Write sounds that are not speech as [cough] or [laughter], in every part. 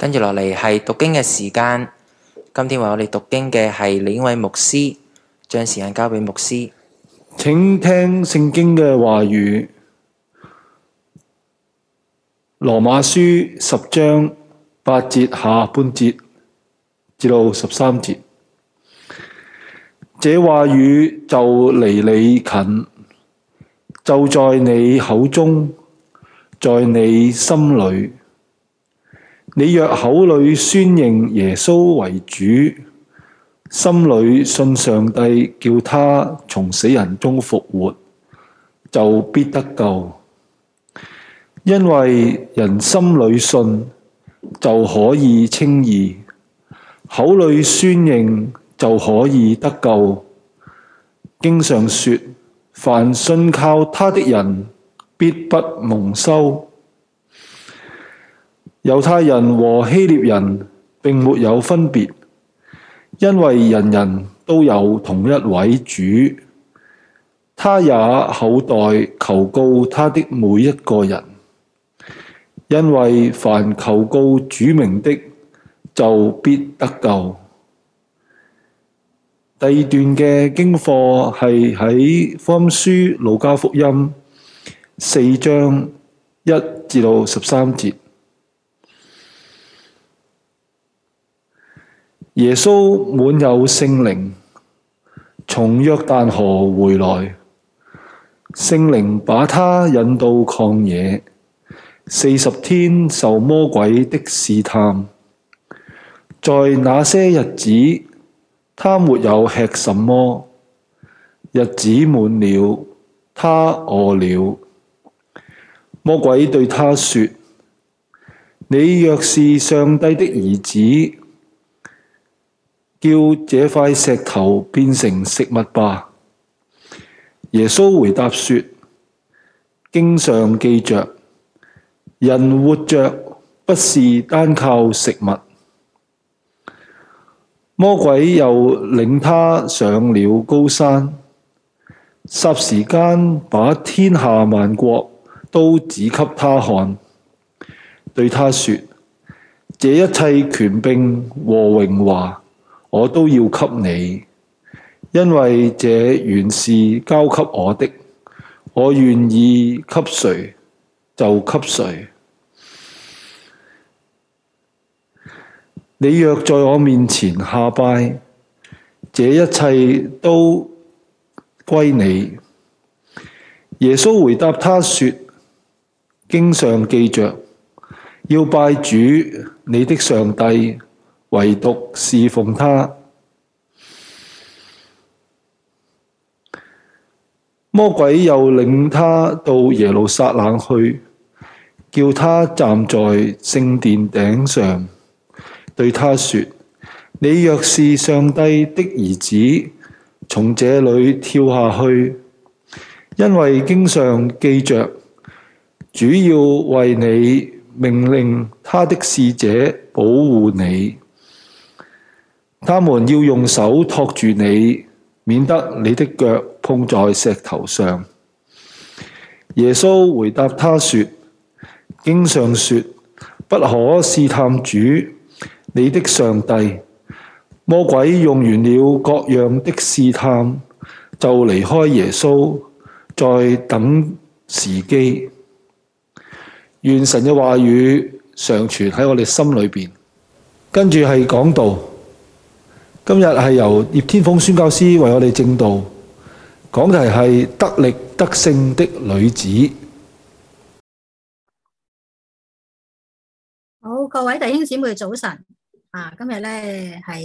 跟住落嚟係讀經嘅時間。今天為我哋讀經嘅係另一位牧師，將時間交俾牧師，請聽聖經嘅話語，《羅馬書》十章八節下半節至到十三節，這話語就離你近，就在你口中，在你心裏。你若口裏宣認耶穌為主，心裏信上帝叫他從死人中復活，就必得救。因為人心裏信就可以稱義，口裏宣認就可以得救。經上說，凡信靠他的人必不蒙羞。猶太人和希臘人並沒有分別，因為人人都有同一位主，他也厚待求告他的每一個人。因為凡求告主名的，就必得救。第二段嘅經課係喺《福音書·路加福音》四章一至到十三節。耶穌滿有聖靈，從約旦河回來，聖靈把他引到曠野，四十天受魔鬼的試探。在那些日子，他沒有吃什麼，日子滿了，他餓了。魔鬼對他說：你若是上帝的兒子。叫這塊石頭變成食物吧。耶穌回答說：經常記着，人活着不是單靠食物。魔鬼又領他上了高山，霎時間把天下萬國都指給他看，對他說：這一切權柄和榮華。我都要給你，因為這原是交給我的。我願意給誰就給誰。你若在我面前下拜，這一切都歸你。耶穌回答他說：經上記着，要拜主你的上帝。唯獨侍奉他。魔鬼又領他到耶路撒冷去，叫他站在聖殿頂上，對他說：你若是上帝的兒子，從這裏跳下去，因為經上記着，主要為你命令他的使者保護你。他們要用手托住你，免得你的腳碰在石頭上。耶穌回答他說：經上說，不可試探主，你的上帝。魔鬼用完了各樣的試探，就離開耶穌，再等時機。願神嘅話語常存喺我哋心裏邊。跟住係講道。今日係由葉天鳳宣教師為我哋正道講題係得力得勝的女子。好，各位弟兄姊妹早晨。啊，今日咧係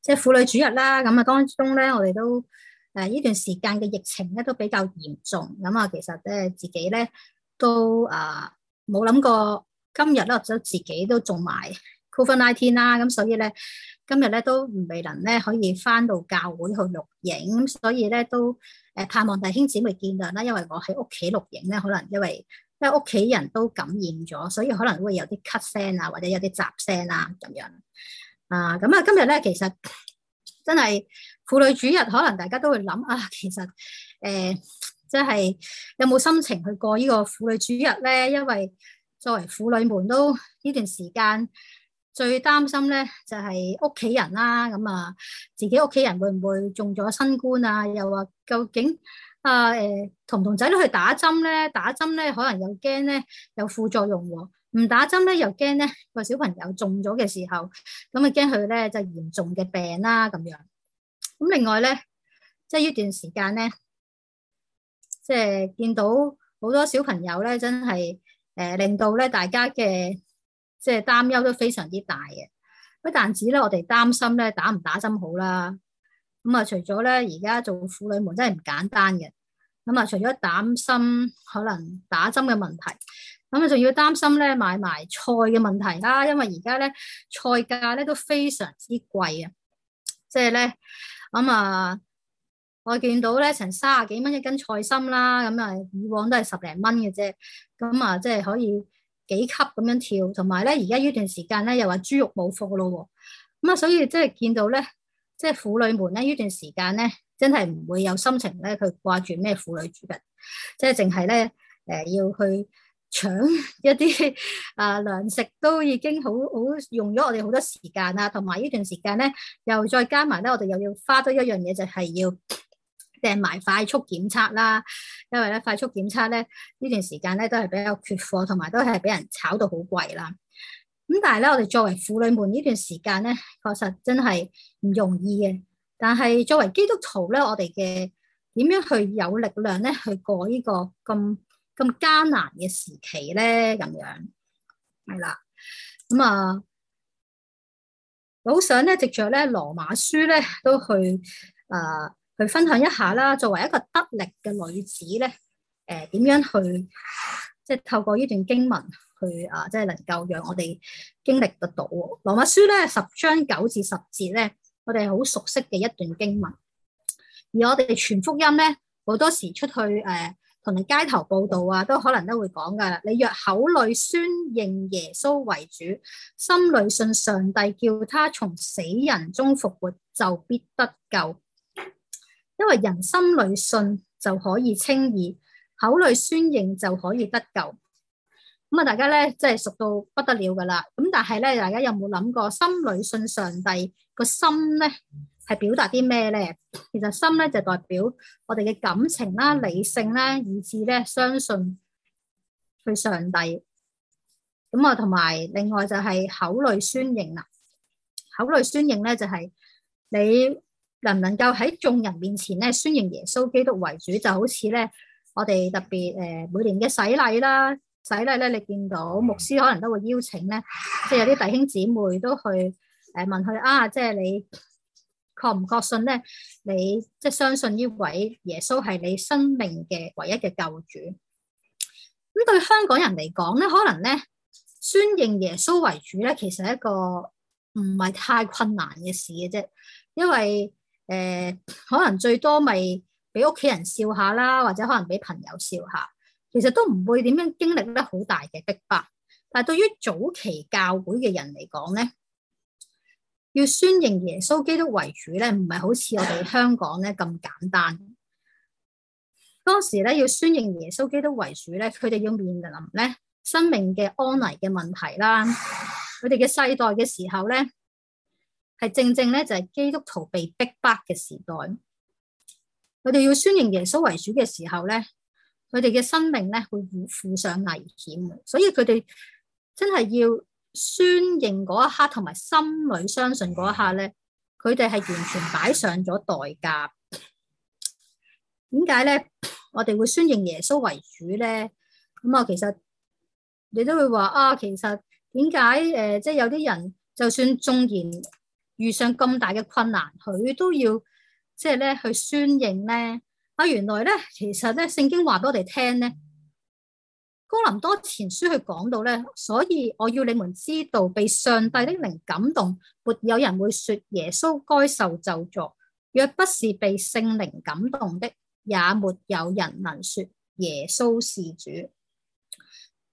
即係婦女主日啦。咁啊，當中咧我哋都誒呢段時間嘅疫情咧都比較嚴重。咁啊，其實咧自己咧都啊冇諗過今日咧就自己都仲做埋，COVID 啦，咁所以咧，今日咧都唔未能咧可以翻到教會去錄影，咁所以咧都誒盼望弟兄姊妹見到啦，因為我喺屋企錄影咧，可能因為因為屋企人都感染咗，所以可能會有啲咳聲啊，或者有啲雜聲啦咁樣。啊，咁啊，今日咧其實真係婦女主日，可能大家都會諗啊，其實誒即係有冇心情去過呢個婦女主日咧？因為作為婦女們都呢段時間。最擔心咧，就係屋企人啦。咁啊，自己屋企人會唔會中咗新冠啊？又話究竟啊誒，同唔同仔女去打針咧？打針咧，可能又驚咧有副作用喎。唔打針咧，又驚咧個小朋友中咗嘅時候，咁啊驚佢咧就嚴重嘅病啦咁樣。咁另外咧，即係呢段時間咧，即係見到好多小朋友咧，真係誒令到咧大家嘅。即係擔憂都非常之大嘅，不但止咧，我哋擔心咧打唔打針好啦。咁啊，除咗咧，而家做婦女們真係唔簡單嘅。咁啊，除咗擔心可能打針嘅問題，咁啊，仲要擔心咧買埋菜嘅問題啦。因為而家咧，菜價咧都非常之貴啊。即係咧，咁啊，我見到咧成卅幾蚊一斤菜心啦，咁啊，以往都係十零蚊嘅啫。咁啊，即係可以。幾級咁樣跳，同埋咧，而家呢段時間咧又話豬肉冇貨咯，咁啊，所以即係見到咧，即係婦女們咧呢段時間咧，真係唔會有心情咧，去掛住咩婦女主日，即係淨係咧誒要去搶一啲啊糧食都已經好好用咗我哋好多時間啦，同埋呢段時間咧又再加埋咧，我哋又要花多一樣嘢就係要。訂埋快速檢測啦，因為咧快速檢測咧呢段時間咧都係比較缺貨，同埋都係俾人炒到好貴啦。咁但係咧，我哋作為婦女們呢段時間咧，確實真係唔容易嘅。但係作為基督徒咧，我哋嘅點樣去有力量咧去過呢個咁咁艱難嘅時期咧？咁樣係啦。咁、嗯、啊，好想咧，藉着咧羅馬書咧，都去誒。呃去分享一下啦，作為一個得力嘅女子咧，誒、呃、點樣去即係透過呢段經文去啊、呃，即係能夠讓我哋經歷得到《羅馬書》呢咧十章九至十節咧，我哋好熟悉嘅一段經文。而我哋全福音咧好多時出去誒同埋街頭佈道啊，都可能都會講噶啦。你若口裏宣認耶穌為主，心裏信上帝叫他從死人中復活，就必得救。因為人心裡信就可以稱義，口裡宣認就可以得救。咁啊，大家咧真係熟到不得了噶啦。咁但係咧，大家有冇諗過心裡信上帝個心咧係表達啲咩咧？其實心咧就代表我哋嘅感情啦、理性啦，以致咧相信去上帝。咁啊，同埋另外就係口裡宣認啦。口裡宣認咧就係你。能唔能夠喺眾人面前咧，宣認耶穌基督為主，就好似咧，我哋特別誒、呃，每年嘅洗禮啦，洗禮咧，你見到牧師可能都會邀請咧，即係有啲弟兄姊妹都去誒問佢啊，即係你確唔確信咧，你即係相信呢位耶穌係你生命嘅唯一嘅救主？咁對香港人嚟講咧，可能咧宣認耶穌為主咧，其實係一個唔係太困難嘅事嘅啫，因為。誒、呃，可能最多咪俾屋企人笑下啦，或者可能俾朋友笑下，其實都唔會點樣經歷咧好大嘅逼迫。但係對於早期教會嘅人嚟講咧，要宣認耶穌基督為主咧，唔係好似我哋香港咧咁簡單。當時咧要宣認耶穌基督為主咧，佢哋要面臨咧生命嘅安危嘅問題啦，佢哋嘅世代嘅時候咧。係正正咧，就係、是、基督徒被逼迫嘅時代。佢哋要宣認耶穌為主嘅時候咧，佢哋嘅生命咧會負上危險，所以佢哋真係要宣認嗰一刻，同埋心裏相信嗰一刻咧，佢哋係完全擺上咗代價。點解咧？我哋會宣認耶穌為主咧？咁啊，其實你都會話啊，其實點解誒，即係有啲人就算縱然。遇上咁大嘅困難，佢都要即係咧去宣認咧啊！原來咧，其實咧，聖經話俾我哋聽咧，《哥林多前書》去講到咧，所以我要你們知道，被上帝的靈感動，沒有人會説耶穌該受咒詛；若不是被聖靈感動的，也沒有人能説耶穌是主。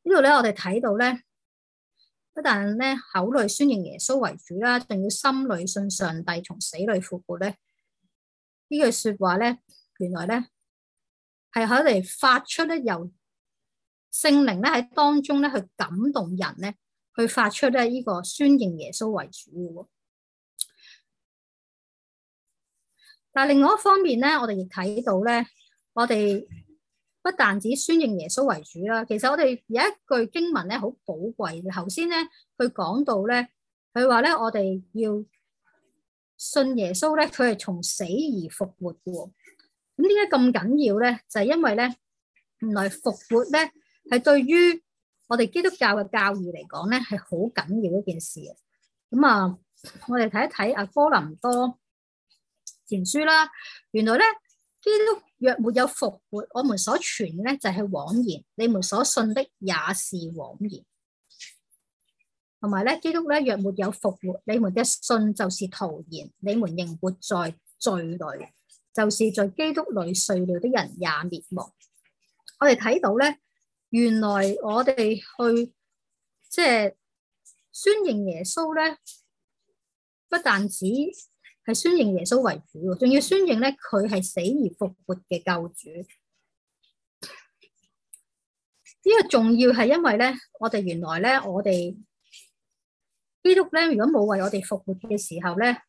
呢度咧，我哋睇到咧。不但咧口裡宣認耶穌為主啦，定要心裏信上帝從死裏復活咧。句呢句說話咧，原來咧係喺嚟發出咧，由聖靈咧喺當中咧去感動人咧，去發出咧呢個宣認耶穌為主嘅。但另外一方面咧，我哋亦睇到咧，我哋。不但只宣認耶穌為主啦，其實我哋有一句經文咧好寶貴。頭先咧佢講到咧，佢話咧我哋要信耶穌咧，佢係從死而復活嘅。咁點解咁緊要咧？就係、是、因為咧，原來復活咧係對於我哋基督教嘅教義嚟講咧係好緊要一件事嘅。咁、嗯、啊，我哋睇一睇阿哥林多前書啦。原來咧。基督若沒有復活，我們所傳嘅咧就係枉然，你們所信的也是枉然。同埋咧，基督咧若沒有復活，你們嘅信就是徒然，你們仍活在罪裏，就是在基督裏睡了的人也滅亡。我哋睇到咧，原來我哋去即係宣認耶穌咧，不但止。係宣認耶穌為主，仲要宣認咧佢係死而復活嘅救主。呢個重要係因為咧，我哋原來咧，我哋基督咧，如果冇為我哋復活嘅時候咧，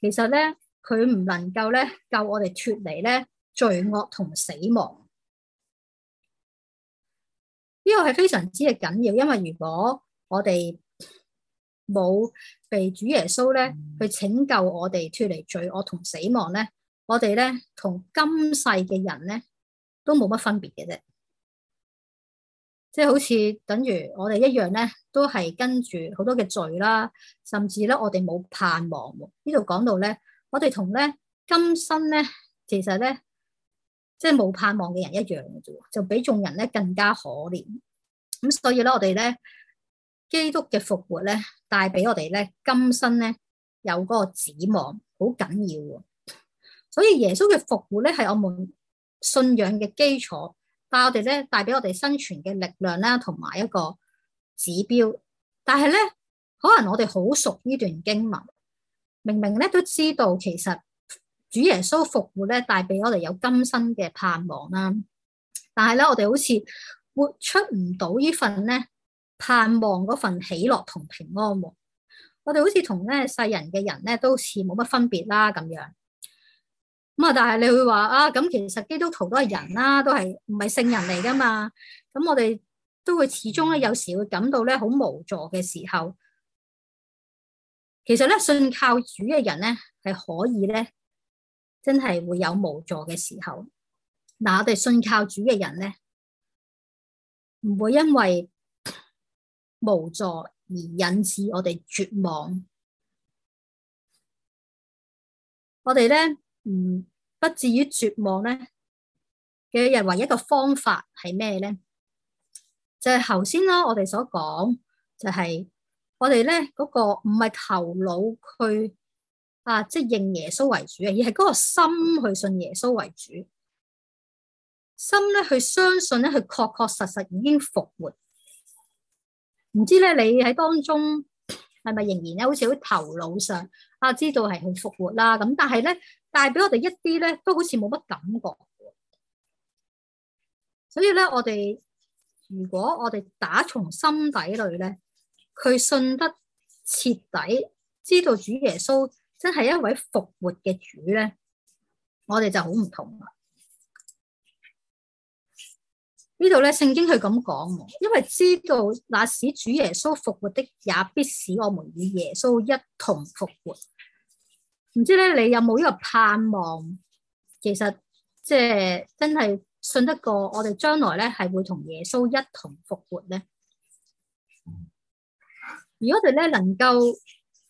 其實咧佢唔能夠咧救我哋脫離咧罪惡同死亡。呢個係非常之嘅緊要，因為如果我哋。冇被主耶穌咧去拯救我哋脫離罪惡同死亡咧，我哋咧同今世嘅人咧都冇乜分別嘅啫，即係好似等於我哋一樣咧，都係跟住好多嘅罪啦，甚至咧我哋冇盼望喎。呢度講到咧，我哋同咧今生咧，其實咧即係冇盼望嘅人一樣嘅啫，就比眾人咧更加可憐。咁所以咧，我哋咧。基督嘅復活咧，帶俾我哋咧，今生咧有嗰個指望，好緊要。所以耶穌嘅復活咧，係我們信仰嘅基礎，帶我哋咧，帶俾我哋生存嘅力量啦，同埋一個指標。但係咧，可能我哋好熟呢段經文，明明咧都知道，其實主耶穌復活咧，帶俾我哋有今生嘅盼望啦。但係咧，我哋好似活出唔到呢份咧。盼望嗰份喜樂同平安。我哋好似同咧世人嘅人咧都似冇乜分別啦咁樣。咁啊，但係你會話啊，咁其實基督徒都係人啦，都係唔係聖人嚟噶嘛？咁我哋都會始終咧，有時會感到咧好無助嘅時候。其實咧，信靠主嘅人咧係可以咧，真係會有無助嘅時候。嗱，我哋信靠主嘅人咧，唔會因為。無助而引致我哋絕望，我哋咧唔不至於絕望咧嘅人，唯一一個方法係咩咧？就係頭先啦，我哋所講就係、是、我哋咧嗰個唔係頭腦去啊，即、就、係、是、認耶穌為主啊，而係嗰個心去信耶穌為主。心咧去相信咧，佢確確實實已經復活。唔知咧，你喺當中係咪仍然咧，好似喺頭腦上啊，知道係去復活啦？咁但係咧，帶俾我哋一啲咧，都好似冇乜感覺。所以咧，我哋如果我哋打從心底裏咧，佢信得徹底，知道主耶穌真係一位復活嘅主咧，我哋就好唔同啦。呢度咧，聖經係咁講，因為知道那使主耶穌復活的，也必使我們與耶穌一同復活。唔知咧，你有冇呢個盼望？其實即係真係信得過，我哋將來咧係會同耶穌一同復活咧。如果我哋咧能夠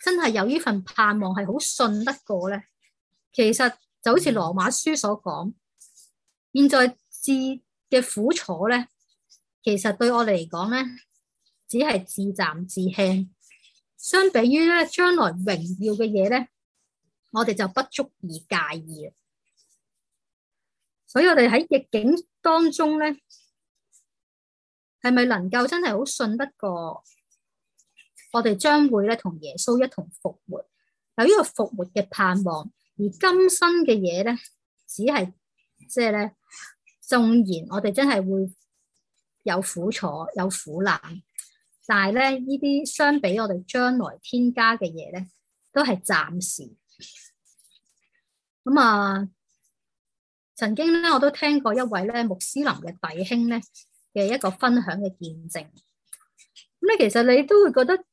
真係有呢份盼望，係好信得過咧，其實就好似羅馬書所講，現在至嘅苦楚咧，其實對我哋嚟講咧，只係至暫至輕。相比於咧將來榮耀嘅嘢咧，我哋就不足以介意。所以我哋喺逆境當中咧，係咪能夠真係好信得過？我哋將會咧同耶穌一同復活。有呢個復活嘅盼望，而今生嘅嘢咧，只係即係咧。就是呢縱然我哋真係會有苦楚，有苦難，但係咧，呢啲相比我哋將來添加嘅嘢咧，都係暫時。咁啊，曾經咧，我都聽過一位咧穆斯林嘅弟兄咧嘅一個分享嘅見證。咁你其實你都會覺得，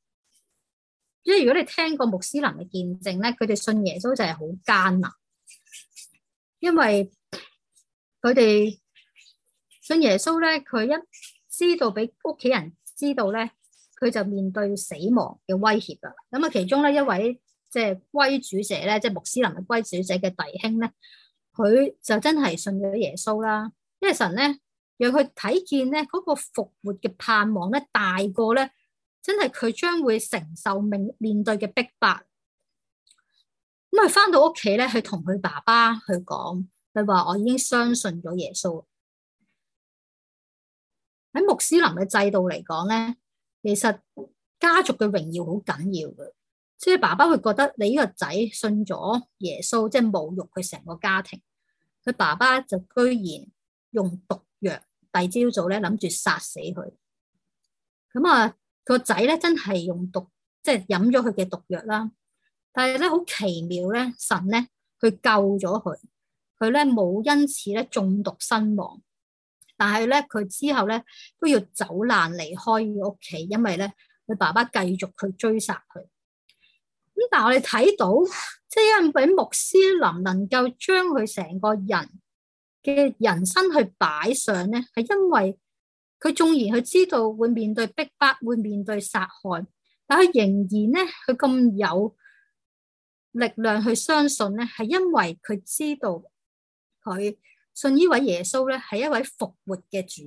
因為如果你聽過穆斯林嘅見證咧，佢哋信耶穌就係好艱難，因為佢哋。信耶穌咧，佢一知道俾屋企人知道咧，佢就面對死亡嘅威脅啦。咁啊，其中咧一位即係歸主者咧，即係穆斯林嘅歸主者嘅弟兄咧，佢就真係信咗耶穌啦。因為神咧，讓佢睇見咧嗰個復活嘅盼望咧，大過咧真係佢將會承受面面對嘅逼迫白。咁啊，返到屋企咧，佢同佢爸爸去講，佢話：我已經相信咗耶穌。喺穆斯林嘅制度嚟講咧，其實家族嘅榮耀好緊要嘅，即係爸爸會覺得你呢個仔信咗耶穌，即係侮辱佢成個家庭，佢爸爸就居然用毒藥，第二朝早咧諗住殺死佢。咁啊，個仔咧真係用毒，即係飲咗佢嘅毒藥啦。但係咧好奇妙咧，神咧去救咗佢，佢咧冇因此咧中毒身亡。但係咧，佢之後咧都要走難離開屋企，因為咧佢爸爸繼續去追殺佢。咁但係我哋睇到，即係因為俾穆斯林能夠將佢成個人嘅人生去擺上咧，係因為佢縱然佢知道會面對逼迫，會面對殺害，但係仍然咧佢咁有力量去相信咧，係因為佢知道佢。信呢位耶穌咧，係一位復活嘅主。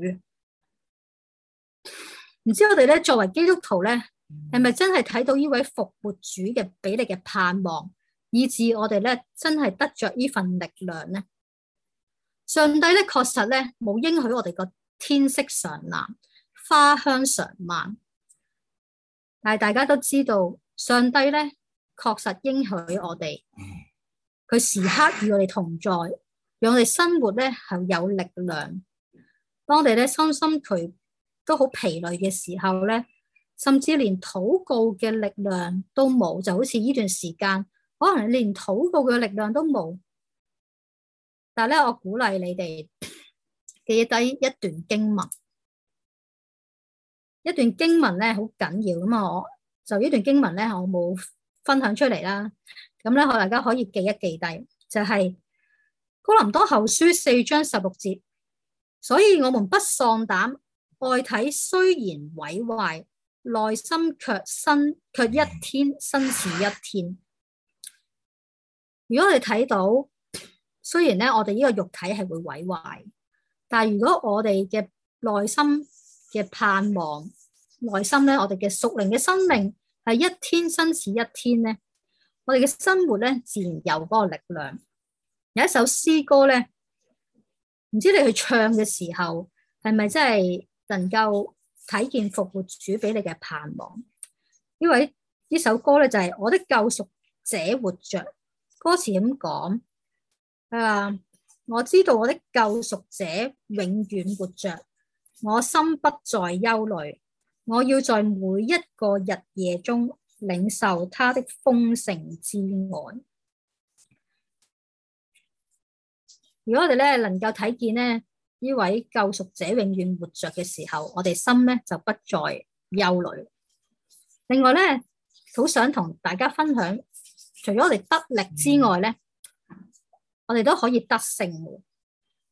唔知我哋咧，作為基督徒咧，係咪真係睇到呢位復活主嘅俾你嘅盼望，以致我哋咧真係得着呢份力量咧？上帝咧確實咧冇應許我哋個天色常藍，花香常漫。但係大家都知道，上帝咧確實應許我哋，佢時刻與我哋同在。讓我哋生活咧係有力量，當我哋咧身心俱都好疲累嘅時候咧，甚至連禱告嘅力量都冇，就好似呢段時間，可能連禱告嘅力量都冇。但係咧，我鼓勵你哋記低一段經文，一段經文咧好緊要咁啊！我就呢段經文咧，我冇分享出嚟啦。咁咧，我大家可以記一記低，就係。哥林多後書四章十六節，所以我們不喪膽，外體雖然毀壞，內心卻新，卻一天新似一天。如果我哋睇到，雖然咧我哋呢個肉體係會毀壞，但係如果我哋嘅內心嘅盼望，內心咧我哋嘅屬靈嘅生命係一天新似一天咧，我哋嘅生活咧自然有嗰個力量。有一首詩歌咧，唔知你去唱嘅時候，係咪真係能夠睇見復活主俾你嘅盼望？呢位呢首歌咧就係、是《我的救贖者活着》，歌詞咁講：啊，我知道我的救贖者永遠活着，我心不再憂慮，我要在每一個日夜中領受他的豐盛之愛。如果我哋咧能夠睇見咧呢位救贖者永遠活着嘅時候，我哋心咧就不再憂慮。另外咧，好想同大家分享，除咗我哋得力之外咧，我哋都可以得勝。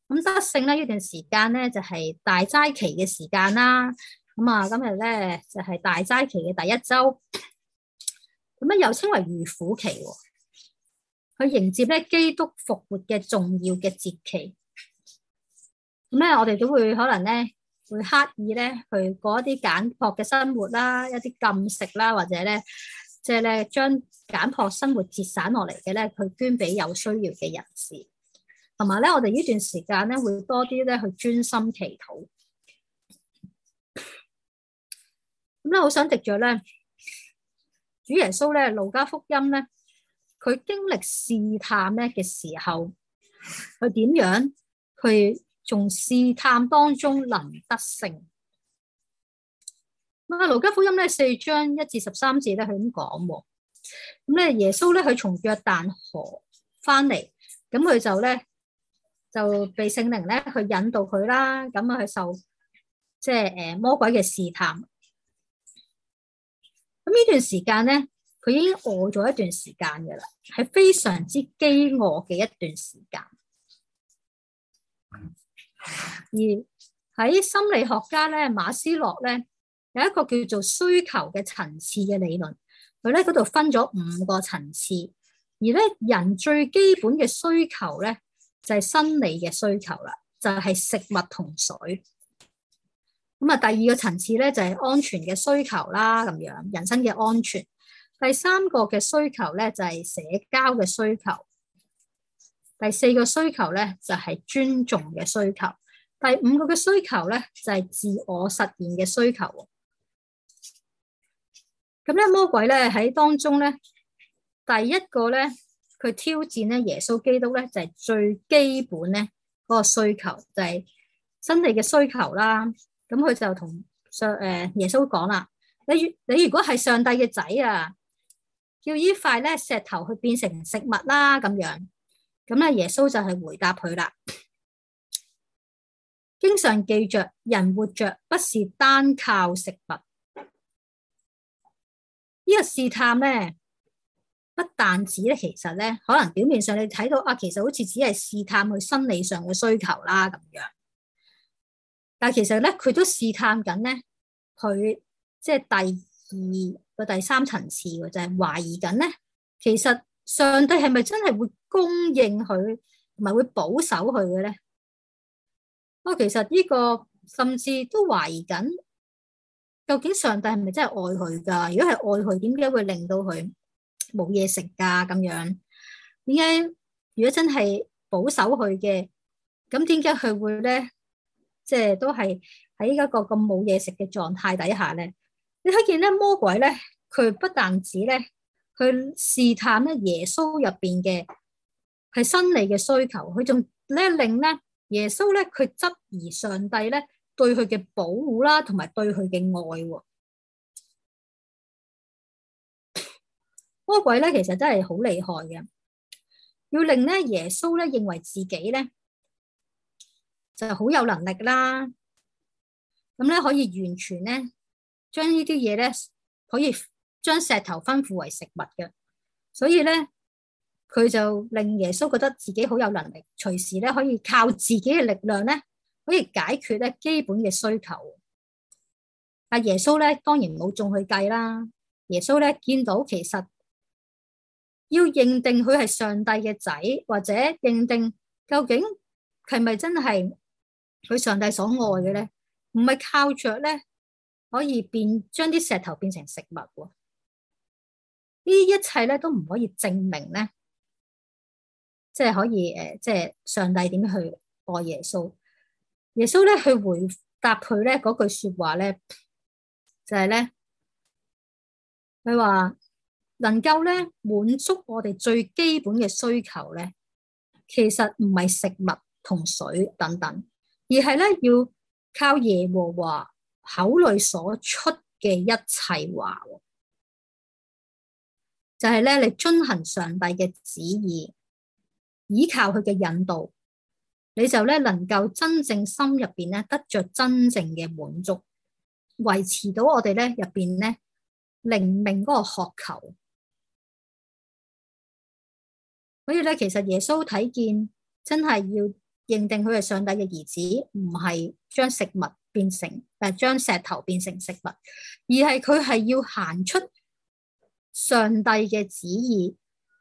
咁得勝咧呢段時間咧就係、是、大齋期嘅時間啦。咁啊，今日咧就係、是、大齋期嘅第一周，咁啊又稱為預苦期。去迎接咧基督復活嘅重要嘅節期，咁咧我哋都會可能咧會刻意咧去過一啲簡樸嘅生活啦，一啲禁食啦，或者咧即係咧將簡樸生活節省落嚟嘅咧，去捐俾有需要嘅人士。同埋咧，我哋呢段時間咧會多啲咧去專心祈禱。咁咧，好想藉着咧主耶穌咧路加福音咧。佢經歷試探咩嘅時候，佢點樣？佢從試探當中能得勝。阿啊，路加福音咧四章一至十三節咧，佢咁講。咁咧，耶穌咧，佢從約旦河翻嚟，咁佢就咧就被聖靈咧去引導佢啦。咁啊，佢受即係誒魔鬼嘅試探。咁呢段時間咧。佢已經餓咗一段時間嘅啦，係非常之飢餓嘅一段時間。而喺心理學家咧，馬斯洛咧有一個叫做需求嘅層次嘅理論，佢咧嗰度分咗五個層次。而咧人最基本嘅需求咧就係生理嘅需求啦，就係食物同水。咁啊，第二個層次咧就係安全嘅需求啦，咁樣人生嘅安全。第三個嘅需求咧就係、是、社交嘅需求，第四個需求咧就係、是、尊重嘅需求，第五個嘅需求咧就係、是、自我實現嘅需求。咁咧魔鬼咧喺當中咧，第一個咧佢挑戰咧耶穌基督咧就係、是、最基本咧嗰個需求就係身體嘅需求啦。咁佢就同上誒耶穌講啦，你你如果係上帝嘅仔啊。叫依塊咧石頭去變成食物啦，咁樣，咁咧耶穌就係回答佢啦。經常記着，人活着不是單靠食物。呢、這個試探咧，不但止咧，其實咧可能表面上你睇到啊，其實好似只係試探佢生理上嘅需求啦，咁樣。但係其實咧，佢都試探緊咧，佢即係第二。個第三層次就係懷疑緊咧，其實上帝係咪真係會供應佢，同埋會保守佢嘅咧？不過其實呢個甚至都懷疑緊，究竟上帝係咪真係愛佢噶？如果係愛佢，點解會令到佢冇嘢食噶？咁樣點解？如果真係保守佢嘅，咁點解佢會咧？即係都係喺一個咁冇嘢食嘅狀態底下咧？你睇見咧，魔鬼咧，佢不但止咧，佢試探咧耶穌入邊嘅係生理嘅需求，佢仲咧令咧耶穌咧，佢質疑上帝咧對佢嘅保護啦，同埋對佢嘅愛。魔鬼咧，其實真係好厲害嘅，要令咧耶穌咧認為自己咧就好有能力啦，咁咧可以完全咧。將呢啲嘢咧，可以將石頭吩咐為食物嘅，所以咧佢就令耶穌覺得自己好有能力，隨時咧可以靠自己嘅力量咧，可以解決咧基本嘅需求。但耶穌咧，當然冇中佢計啦。耶穌咧見到其實要認定佢係上帝嘅仔，或者認定究竟係咪真係佢上帝所愛嘅咧，唔係靠着咧。可以變將啲石頭變成食物喎，呢一切咧都唔可以證明咧，即係可以誒，即係上帝點去愛耶穌？耶穌咧去回答佢咧嗰句說話咧，就係咧佢話能夠咧滿足我哋最基本嘅需求咧，其實唔係食物同水等等，而係咧要靠耶和華。口裡所出嘅一切話，就係咧，你遵行上帝嘅旨意，依靠佢嘅引導，你就咧能夠真正心入邊咧得着真正嘅滿足，維持到我哋咧入邊咧靈命嗰個渴求。所以咧，其實耶穌睇見真係要認定佢係上帝嘅兒子，唔係將食物。變成誒，將石頭變成食物，而係佢係要行出上帝嘅旨意，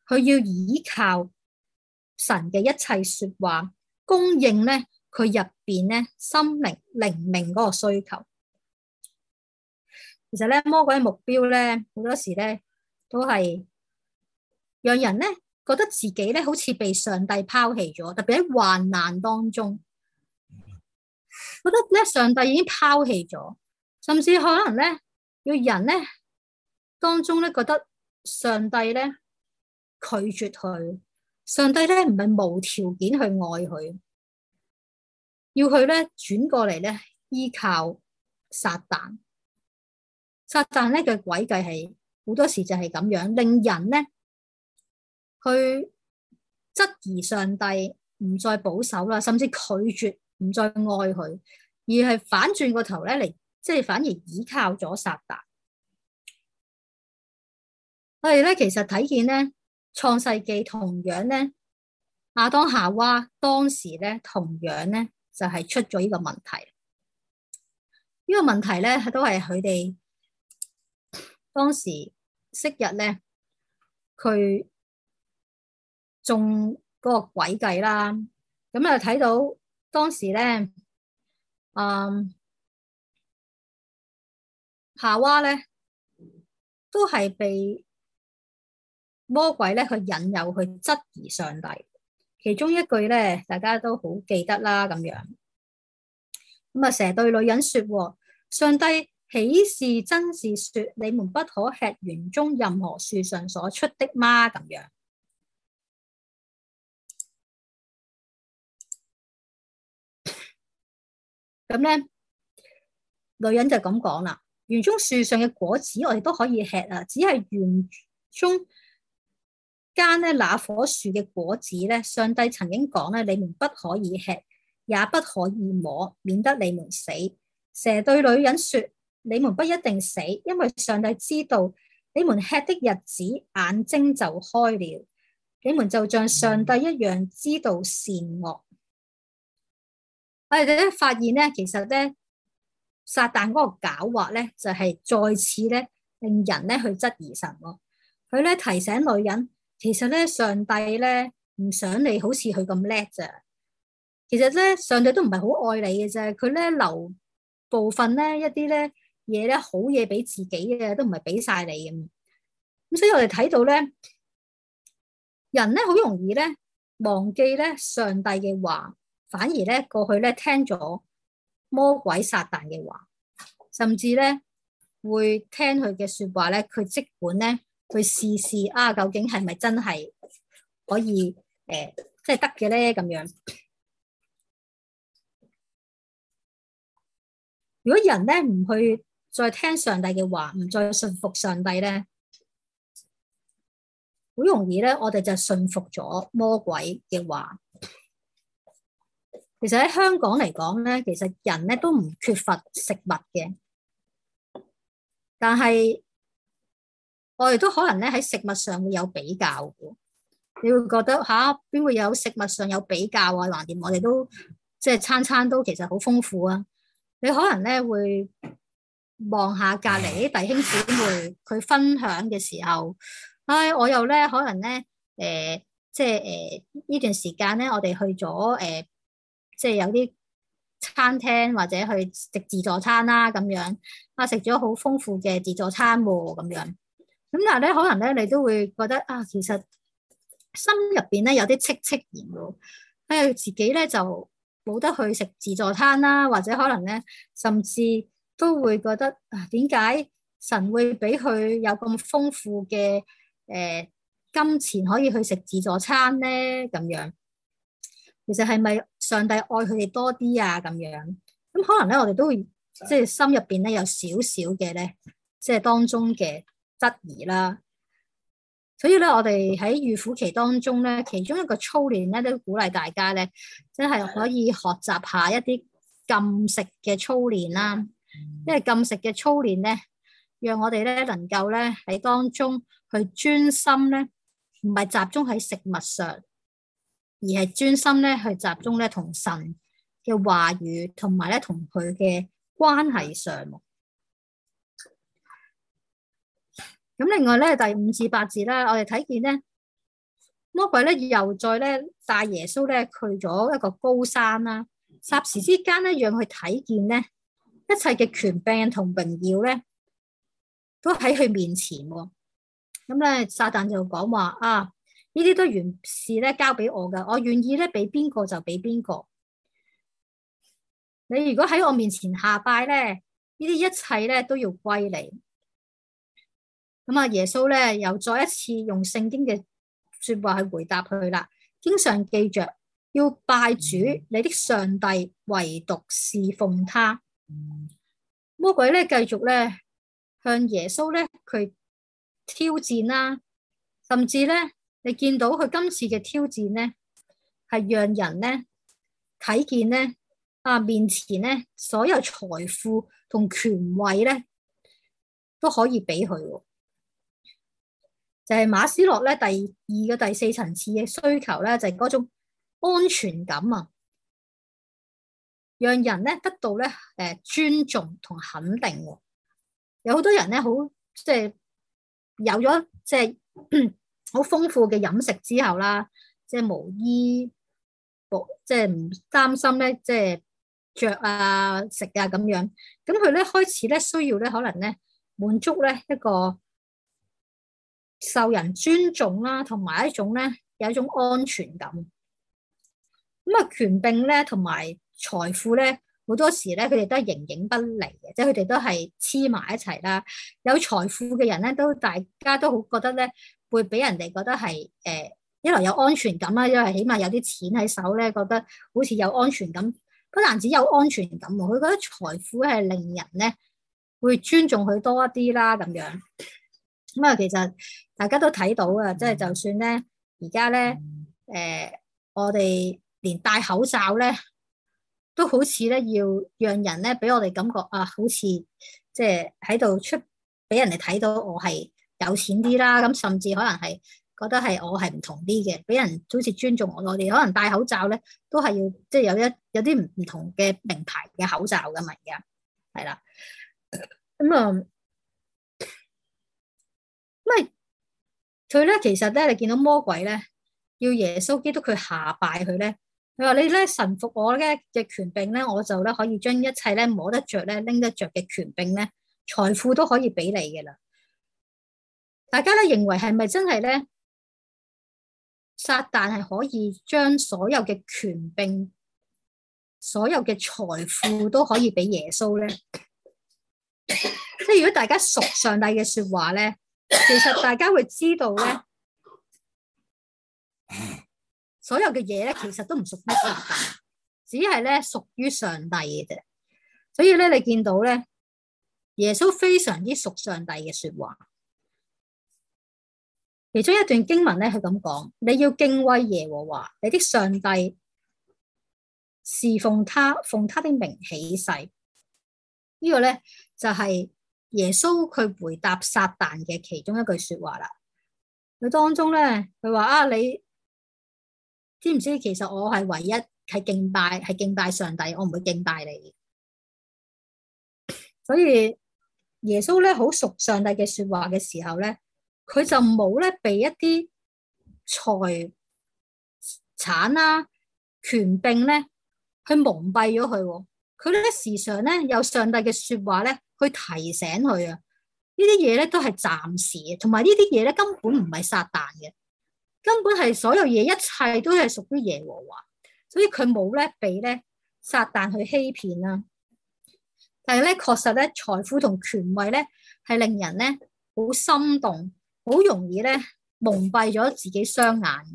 佢要依靠神嘅一切說話供應咧，佢入邊咧心靈靈命嗰個需求。其實咧，魔鬼嘅目標咧，好多時咧都係讓人咧覺得自己咧好似被上帝拋棄咗，特別喺患難當中。覺得咧，上帝已經拋棄咗，甚至可能咧，要人咧當中咧覺得上帝咧拒絕佢，上帝咧唔係無條件去愛佢，要佢咧轉過嚟咧依靠撒旦，撒旦咧嘅詭計係好多時就係咁樣，令人咧去質疑上帝唔再保守啦，甚至拒絕。唔再愛佢，而係反轉個頭咧嚟，即係反而倚靠咗撒但。我哋咧，其實睇見咧，《創世記》同樣咧，亞當夏娃當時咧，同樣咧就係、是、出咗呢個問題。呢、呢個問題咧，都係佢哋當時昔日咧，佢中嗰個詭計啦。咁啊，睇到。當時咧，嗯，夏娃咧都係被魔鬼咧去引誘去質疑上帝。其中一句咧，大家都好記得啦，咁樣咁啊，成、嗯、日對女人説：上帝豈是真是説，你們不可吃園中任何樹上所出的嗎？咁樣。咁咧，女人就咁講啦。園中樹上嘅果子，我哋都可以吃啊。只係園中間咧，那棵樹嘅果子咧，上帝曾經講咧，你們不可以吃，也不可以摸，免得你們死。蛇對女人説：你們不一定死，因為上帝知道你們吃的日子，眼睛就開了。你們就像上帝一樣，知道善惡。我哋咧發現咧，其實咧撒旦嗰個狡猾咧，就係再次咧，令人咧去質疑神。佢咧提醒女人，其實咧上帝咧唔想你好似佢咁叻咋。其實咧上帝都唔係好愛你嘅啫，佢咧留部分咧一啲咧嘢咧好嘢俾自己嘅，都唔係俾晒你咁。咁所以我哋睇到咧，人咧好容易咧忘記咧上帝嘅話。反而咧，過去咧聽咗魔鬼撒旦嘅話，甚至咧會聽佢嘅說話咧。佢即管咧去試試啊，究竟係咪真係可以誒，即係得嘅咧？咁樣如果人咧唔去再聽上帝嘅話，唔再信服上帝咧，好容易咧，我哋就信服咗魔鬼嘅話。其實喺香港嚟講咧，其實人咧都唔缺乏食物嘅，但係我哋都可能咧喺食物上會有比較嘅。你會覺得吓，邊會有食物上有比較啊？橫掂我哋都即係餐餐都其實好豐富啊！你可能咧會望下隔離啲弟兄姊妹佢分享嘅時候，唉、哎，我又咧可能咧誒、呃，即係誒呢段時間咧，我哋去咗誒。呃即係有啲餐廳或者去食自助餐啦，咁樣啊，食咗好豐富嘅自助餐喎、啊，咁樣。咁但係咧，可能咧，你都會覺得啊，其實心入邊咧有啲戚戚然喎。哎呀，自己咧就冇得去食自助餐啦、啊，或者可能咧，甚至都會覺得啊，點解神會俾佢有咁豐富嘅誒、呃、金錢可以去食自助餐咧？咁樣。其實係咪上帝愛佢哋多啲啊？咁樣咁可能咧，我哋都會即係心入邊咧有少少嘅咧，即係當中嘅質疑啦。所以咧，我哋喺預苦期當中咧，其中一個操練咧都鼓勵大家咧，即係可以學習下一啲禁食嘅操練啦。因為禁食嘅操練咧，讓我哋咧能夠咧喺當中去專心咧，唔係集中喺食物上。而係專心咧，去集中咧，同神嘅話語，同埋咧，同佢嘅關係上。咁另外咧，第五至八節咧，我哋睇見咧，魔鬼咧又再咧帶耶穌咧去咗一個高山啦，霎時之間咧讓佢睇見咧一切嘅權柄同榮耀咧，都喺佢面前喎。咁咧撒旦就講話啊！呢啲都完事咧，交俾我噶，我願意咧，俾邊個就俾邊個。你如果喺我面前下拜咧，呢啲一切咧都要歸你。咁啊，耶穌咧又再一次用聖經嘅說話去回答佢啦。經常記着要拜主你的上帝，唯獨侍奉他。魔鬼咧繼續咧向耶穌咧佢挑戰啦，甚至咧。你見到佢今次嘅挑戰咧，係讓人咧睇見咧啊面前咧所有財富同權位咧都可以俾佢，就係、是、馬斯洛咧第二個第四層次嘅需求咧，就係、是、嗰種安全感啊，讓人咧得到咧誒尊重同肯定。有好多人咧，好即係、就是、有咗即係。就是 [coughs] 好豐富嘅飲食之後啦，即係無衣，即係唔擔心咧，即係着啊、食啊咁樣。咁佢咧開始咧需要咧，可能咧滿足咧一個受人尊重啦，同埋一種咧有，有一種安全感。咁啊，權柄咧同埋財富咧，好多時咧佢哋都係形影不離嘅，即係佢哋都係黐埋一齊啦。有財富嘅人咧，都大家都好覺得咧。會俾人哋覺得係誒、呃，一來有安全感啦，一來起碼有啲錢喺手咧，覺得好似有安全感。不但止有安全感喎，佢覺得財富係令人咧會尊重佢多一啲啦，咁樣。咁啊，其實大家都睇到啊，即係就算咧，而家咧誒，我哋連戴口罩咧都好似咧要讓人咧俾我哋感覺啊，好似即係喺度出俾人哋睇到我係有錢啲啦，咁甚至可能係覺得係我係唔同啲嘅，俾人好似尊重我咯。你可能戴口罩咧，都係要即係有一有啲唔唔同嘅名牌嘅口罩噶嘛而家係啦。咁啊，咁佢咧，其實咧，你見到魔鬼咧，要耶穌基督佢下拜佢咧，佢話你咧，臣服我嘅嘅權柄咧，我就咧可以將一切咧摸得着咧拎得着嘅權柄咧，財富都可以俾你嘅啦。大家咧認為係咪真係咧撒旦係可以將所有嘅權柄、所有嘅財富都可以俾耶穌咧？即係如果大家熟上帝嘅說話咧，其實大家會知道咧，所有嘅嘢咧其實都唔屬上帝，只係咧屬於上帝嘅啫。所以咧，你見到咧，耶穌非常之熟上帝嘅說話。其中一段經文咧，佢咁講：你要敬畏耶和華，你的上帝，侍奉他，奉他的名起誓。這個、呢個咧就係、是、耶穌佢回答撒旦嘅其中一句說話啦。佢當中咧，佢話啊，你知唔知？其實我係唯一係敬拜，係敬拜上帝，我唔會敬拜你。所以耶穌咧好熟上帝嘅說話嘅時候咧。佢就冇咧俾一啲財產啦、啊、權柄咧去蒙蔽咗佢喎。佢咧時常咧有上帝嘅説話咧去提醒佢啊。呢啲嘢咧都係暫時嘅，同埋呢啲嘢咧根本唔係撒旦嘅，根本係所有嘢一切都係屬於耶和華。所以佢冇咧俾咧撒旦去欺騙啦、啊。但係咧確實咧，財富同權位咧係令人咧好心動。好容易咧蒙蔽咗自己雙眼，咁、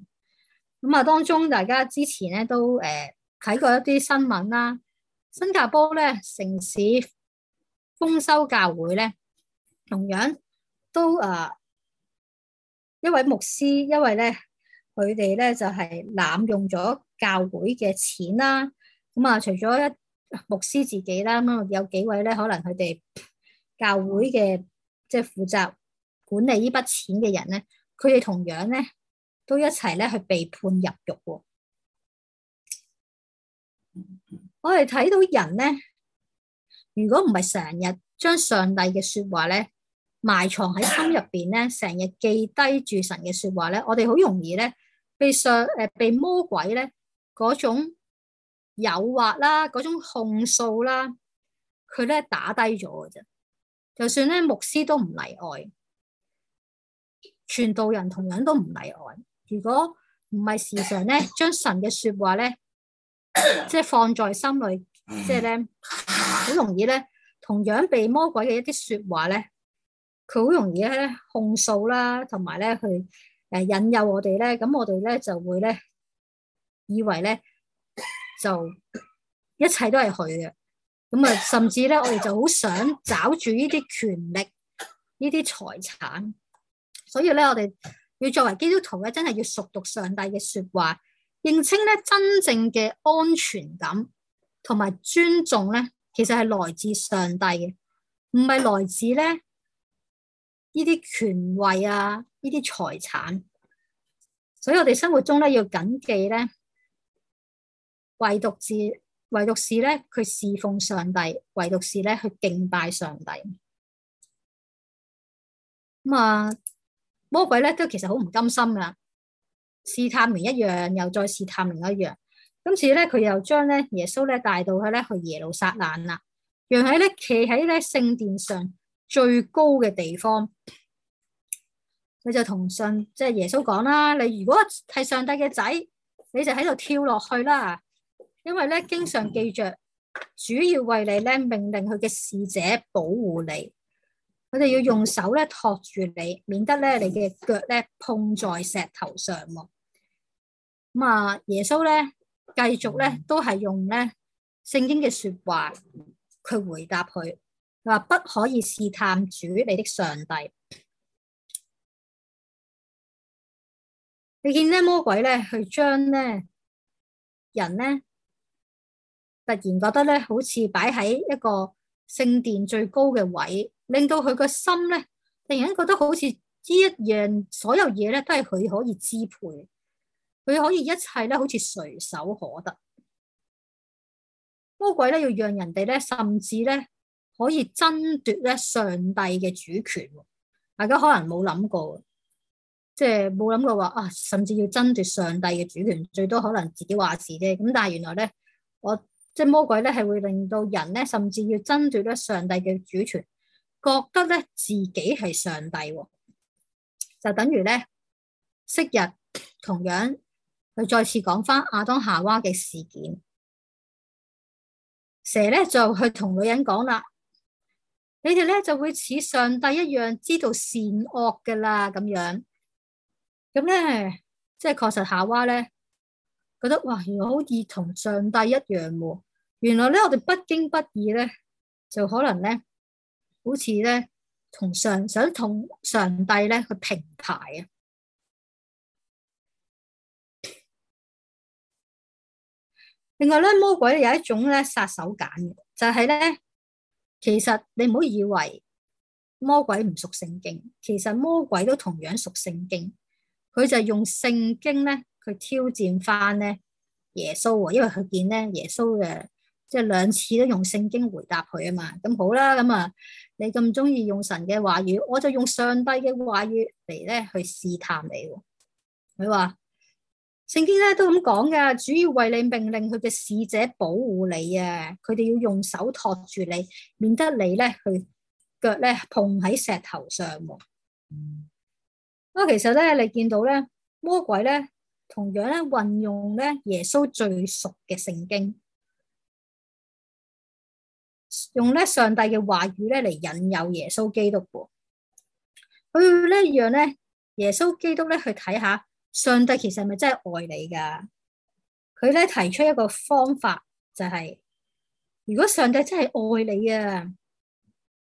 嗯、啊，當中大家之前咧都誒，睇、呃、過一啲新聞啦，新加坡咧城市豐收教會咧同樣都啊、呃、一位牧師，因為咧佢哋咧就係、是、濫用咗教會嘅錢啦，咁、嗯、啊除咗一牧師自己啦，有幾位咧可能佢哋教會嘅即係負責。管理呢筆錢嘅人咧，佢哋同樣咧都一齊咧去被判入獄。我哋睇到人咧，如果唔係成日將上帝嘅說話咧埋藏喺心入邊咧，成日記低住神嘅說話咧，我哋好容易咧被上誒、呃、被魔鬼咧嗰種誘惑啦，嗰種控訴啦，佢咧打低咗嘅啫。就算咧牧師都唔例外。全道人同樣都唔例外。如果唔係時常咧，將神嘅説話咧，即係放在心裏，即係咧，好容易咧，同樣被魔鬼嘅一啲説話咧，佢好容易咧控訴啦，同埋咧去誒引誘我哋咧。咁我哋咧就會咧以為咧就一切都係佢嘅。咁啊，甚至咧我哋就好想找住呢啲權力、呢啲財產。所以咧，我哋要作為基督徒咧，真係要熟讀上帝嘅説話，認清咧真正嘅安全感同埋尊重咧，其實係來自上帝嘅，唔係來自咧呢啲權位啊，呢啲財產。所以我哋生活中咧要謹記咧，唯獨是唯獨是咧佢侍奉上帝，唯獨是咧去敬拜上帝。咁啊～魔鬼咧都其實好唔甘心噶試探完一樣又再試探另一樣，今次咧佢又將咧耶穌咧帶到去咧去耶路撒冷啦，讓喺咧企喺咧聖殿上最高嘅地方，佢就同信即係耶穌講啦，你如果係上帝嘅仔，你就喺度跳落去啦，因為咧經常記着，主要為你咧命令佢嘅使者保護你。佢哋要用手咧托住你，免得咧你嘅腳咧碰在石頭上。咁啊，耶穌咧繼續咧都係用咧聖經嘅說話，去回答佢，佢話不可以試探主，你的上帝。你見咧魔鬼咧，佢將咧人咧突然覺得咧好似擺喺一個。聖殿最高嘅位，令到佢個心咧，突然間覺得好似呢一樣所有嘢咧，都係佢可以支配，佢可以一切咧，好似隨手可得。魔鬼咧要讓人哋咧，甚至咧可以爭奪咧上帝嘅主權。大家可能冇諗過，即係冇諗過話啊，甚至要爭奪上帝嘅主權，最多可能自己話事啫。咁但係原來咧，我。即魔鬼咧，係會令到人咧，甚至要爭奪咧上帝嘅主權，覺得咧自己係上帝，就等於咧昔日同樣佢再次講翻亞當夏娃嘅事件，蛇咧就去同女人講啦，你哋咧就會似上帝一樣知道善惡噶啦咁樣，咁咧即係確實夏娃咧覺得哇，好似同上帝一樣喎。原來咧，我哋不經不意咧，就可能咧，好似咧，同上想同上帝咧去平排啊。另外咧，魔鬼有一種咧殺手鐧嘅，就係咧，其實你唔好以為魔鬼唔熟聖經，其實魔鬼都同樣熟聖經。佢就用聖經咧，去挑戰翻咧耶穌喎，因為佢見咧耶穌嘅。即係兩次都用聖經回答佢啊嘛，咁好啦，咁啊，你咁中意用神嘅話語，我就用上帝嘅話語嚟咧去試探你。佢話聖經咧都咁講噶，主要為你命令佢嘅使者保護你啊，佢哋要用手托住你，免得你咧去腳咧碰喺石頭上。咁啊、嗯，其實咧你見到咧魔鬼咧同樣咧運用咧耶穌最熟嘅聖經。用咧上帝嘅話語咧嚟引誘耶穌基督嘅，佢咧讓咧耶穌基督咧去睇下上帝其實係咪真係愛你噶？佢咧提出一個方法，就係、是、如果上帝真係愛你啊，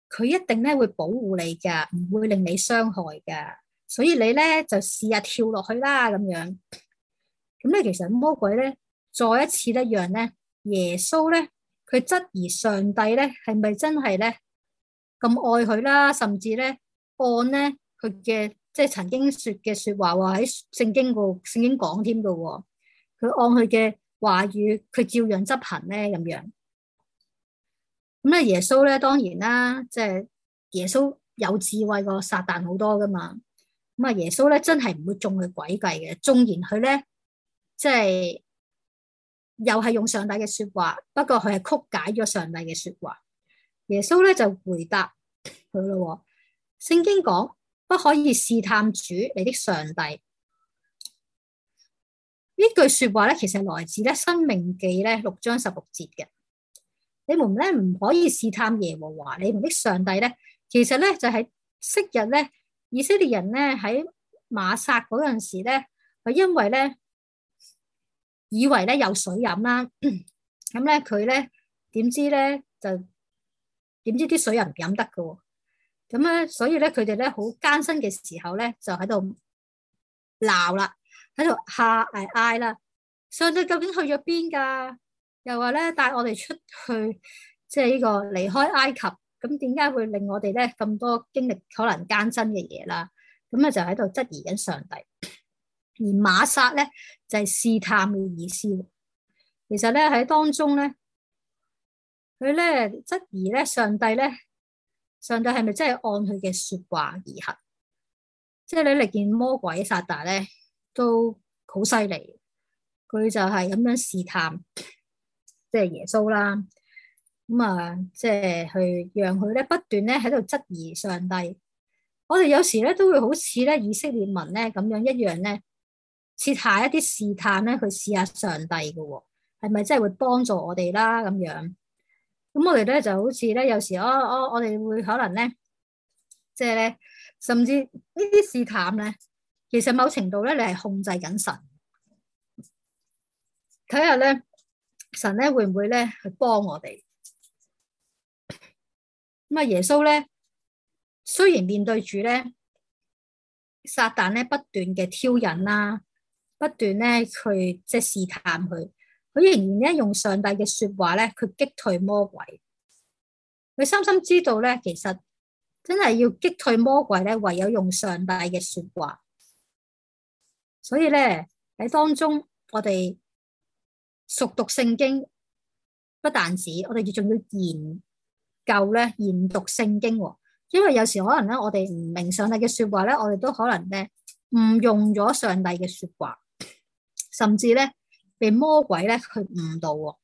佢一定咧會保護你噶，唔會令你傷害噶。所以你咧就試，試跳下跳落去啦咁樣。咁咧其實魔鬼咧再一次咧讓咧耶穌咧。佢質疑上帝咧，係咪真係咧咁愛佢啦？甚至咧，按咧佢嘅即係曾經説嘅説話，話喺聖經個聖經講添嘅喎。佢按佢嘅話語，佢照樣執行咧咁樣。咁咧，耶穌咧當然啦，即係耶穌有智慧過撒旦好多噶嘛。咁啊，耶穌咧真係唔會中佢詭計嘅。縱然佢咧，即係。又係用上帝嘅說話，不過佢係曲解咗上帝嘅說話。耶穌咧就回答佢咯、哦。聖經講，不可以試探主你的上帝，呢句說話咧，其實來自咧申命記咧六章十六節嘅。你們咧唔可以試探耶和華你們的上帝咧。其實咧就係、是、昔日咧以色列人咧喺瑪薩嗰陣時咧，係因為咧。以為咧有水飲啦，咁咧佢咧點知咧就點知啲水又唔飲得㗎喎，咁咧所以咧佢哋咧好艱辛嘅時候咧就喺度鬧啦，喺度喊嗌啦，上帝究竟去咗邊㗎？又話咧帶我哋出去，即係呢個離開埃及，咁點解會令我哋咧咁多經歷可能艱辛嘅嘢啦？咁咧就喺度質疑緊上帝。而瑪撒咧就係、是、試探嘅意思。其實咧喺當中咧，佢咧質疑咧上帝咧，上帝係咪真係按佢嘅説話而行？即係你歷見魔鬼撒但咧都好犀利，佢就係咁樣試探，即、就、係、是、耶穌啦。咁、嗯、啊，即係去讓佢咧不斷咧喺度質疑上帝。我哋有時咧都會好似咧以色列民咧咁樣一樣咧。設下一啲試探咧，去試下上帝嘅喎，係咪真係會幫助我哋啦？咁樣，咁我哋咧就好似咧，有時、哦哦、我我我哋會可能咧，即係咧，甚至呢啲試探咧，其實某程度咧，你係控制緊神，睇下咧，神咧會唔會咧去幫我哋？咁啊，耶穌咧，雖然面對住咧撒但咧不斷嘅挑釁啦、啊。不斷咧，佢即係試探佢，佢仍然咧用上帝嘅說話咧，佢擊退魔鬼。佢深深知道咧，其實真係要擊退魔鬼咧，唯有用上帝嘅說話。所以咧喺當中，我哋熟讀聖經不，不但止我哋仲要研究咧研讀聖經，因為有時可能咧，我哋唔明上帝嘅說話咧，我哋都可能咧誤用咗上帝嘅說話。甚至咧，被魔鬼咧去誤導喎。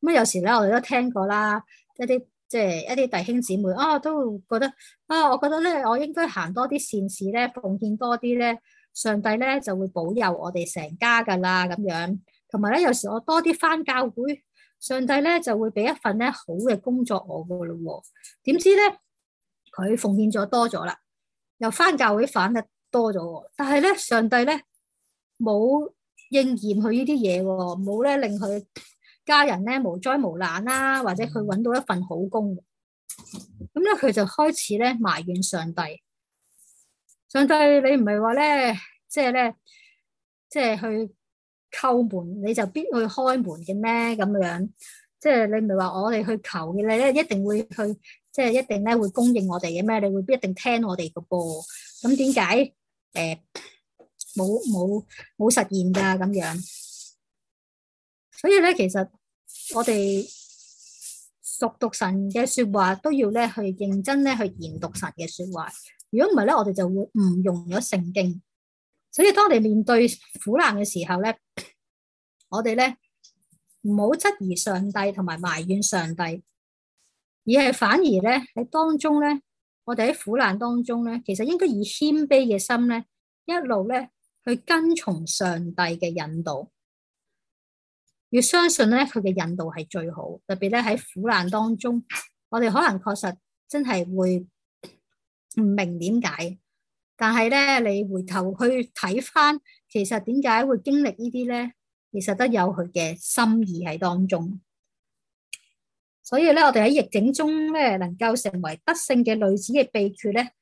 咁啊，有時咧，我哋都聽過啦，一啲即係一啲弟兄姊妹啊，都覺得啊，我覺得咧，我應該行多啲善事咧，奉獻多啲咧，上帝咧就會保佑我哋成家㗎啦咁樣。同埋咧，有時我多啲翻教會，上帝咧就會俾一份咧好嘅工作我㗎咯喎。點知咧，佢奉獻咗多咗啦，又翻教會返得多咗，但係咧，上帝咧冇應驗佢，哦、呢啲嘢喎，冇咧令佢家人咧無災無難啦，啊，或者佢揾到一份好工。咁咧佢就開始咧埋怨上帝。上帝你，你唔係話咧，即係咧，即係去叩門，你就必去開門嘅咩？咁樣，即係你唔係話我哋去求嘅，你咧一定會去，即係一定咧會供應我哋嘅咩？你必一定聽我哋個噃？咁點解？誒、呃？冇冇冇實現噶咁樣，所以咧，其實我哋熟讀神嘅說話，都要咧去認真咧去研讀神嘅說話。如果唔係咧，我哋就會唔用咗聖經。所以，當我哋面對苦難嘅時候咧，我哋咧唔好質疑上帝同埋埋怨上帝，而係反而咧喺當中咧，我哋喺苦難當中咧，其實應該以謙卑嘅心咧，一路咧。去跟從上帝嘅引導，要相信咧佢嘅引導係最好。特別咧喺苦難當中，我哋可能確實真係會唔明點解。但係咧，你回頭去睇翻，其實點解會經歷呢啲咧，其實都有佢嘅心意喺當中。所以咧，我哋喺逆境中咧，能夠成為得勝嘅女子嘅秘訣咧，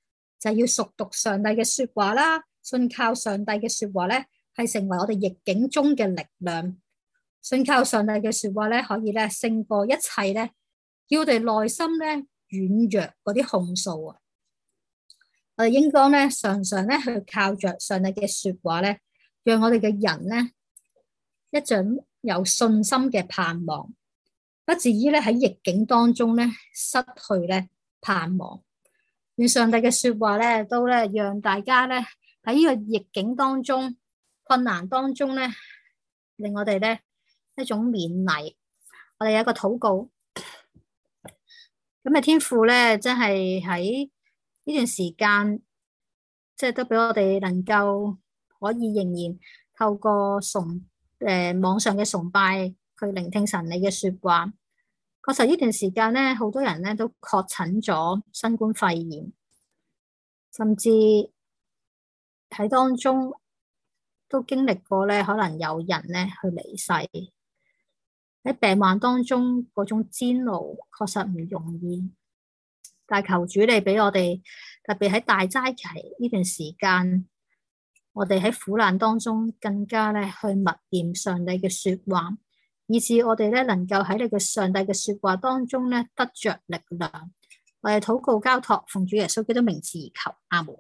就係要熟讀上帝嘅說話啦。信靠上帝嘅說話咧，係成為我哋逆境中嘅力量。信靠上帝嘅說話咧，可以咧勝過一切咧，叫我哋內心咧軟弱嗰啲控訴啊。我哋應該咧常常咧去靠着上帝嘅說話咧，讓我哋嘅人咧一種有信心嘅盼望，不至於咧喺逆境當中咧失去咧盼望。願上帝嘅說話咧都咧讓大家咧。喺呢個逆境當中、困難當中咧，令我哋咧一種勉勵。我哋有一個禱告，咁嘅天父咧，真係喺呢段時間，即係都俾我哋能夠可以仍然透過崇誒、呃、網上嘅崇拜去聆聽神你嘅説話。確實呢段時間咧，好多人咧都確診咗新冠肺炎，甚至，喺當中都經歷過咧，可能有人咧去離世，喺病患當中嗰種煎熬，確實唔容易。但求主你俾我哋特別喺大齋期呢段時間，我哋喺苦難當中更加咧去默念上帝嘅説話，以至我哋咧能夠喺你嘅上帝嘅説話當中咧得着力量。我哋禱告交託奉主耶穌基督名字而求，阿門。